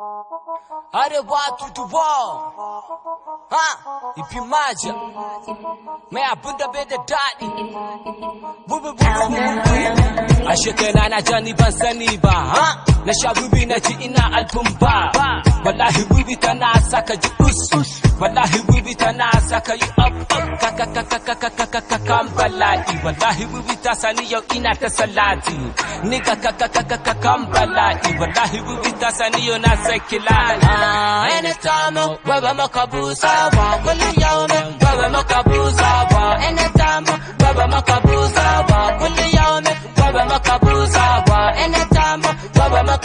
I don't want to do all. Huh? If you imagine, may I put the bed at daddy? kwashe kaina na ja ni ban sani ba ha na sha wiwi na ji ina alfin ba wallahi wiwi tana saka ji us wallahi wiwi tana saka yi up kan bala'i wallahi wiwi ta sani yau ina ta salati ni ka kan bala'i wallahi wiwi ta sani yau na Sekila. lani anytime baba maka wa, ba kullum baba maka wa. ba anytime baba maka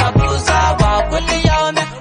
makabuzawa wa kuli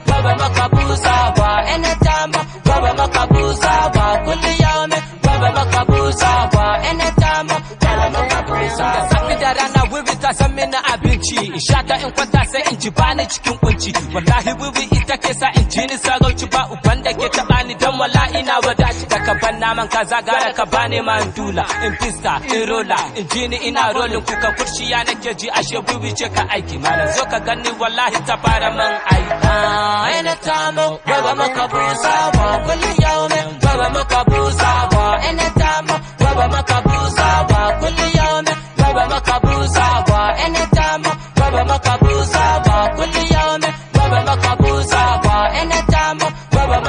baba makabuzawa anytime baba makabuzawa wa yawm baba makabuzawa wa baba makabuzawa sabbi da rana wuri ta san mini abinci in sha ta in kwanta sai in ji bani cikin kunci wallahi wuri ita kesa sa in ji ni sarauci ba uban da ke taba ni dan ina na wadaci da ka ban naman kaza gara ka bani man dula in pista in rola in jini ina rolin kuka ya nake ji ashe bubi ce ka aiki malam zo ka gani wallahi ta fara man ai ai ah, na mu baba maka busa ba kullun yaume baba maka busa ba ina ta mu baba maka busa ba kullun yaume baba maka busa ba ina ta mu baba maka busa ba kullun yaume baba maka busa ba ina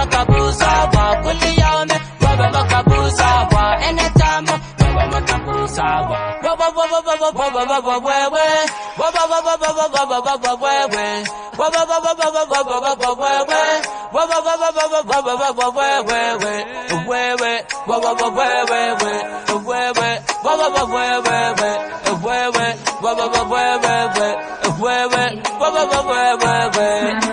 maka wa kuliao me, waba maka busawa, anytime, waba maka busawa. Waba waba waba waba waba wewe, waba waba waba waba waba wewe, waba waba waba waba waba wewe, waba waba waba waba waba wewe, wewe, waba waba wewe, wewe, waba waba wewe, wewe, waba waba wewe, wewe, waba waba wewe.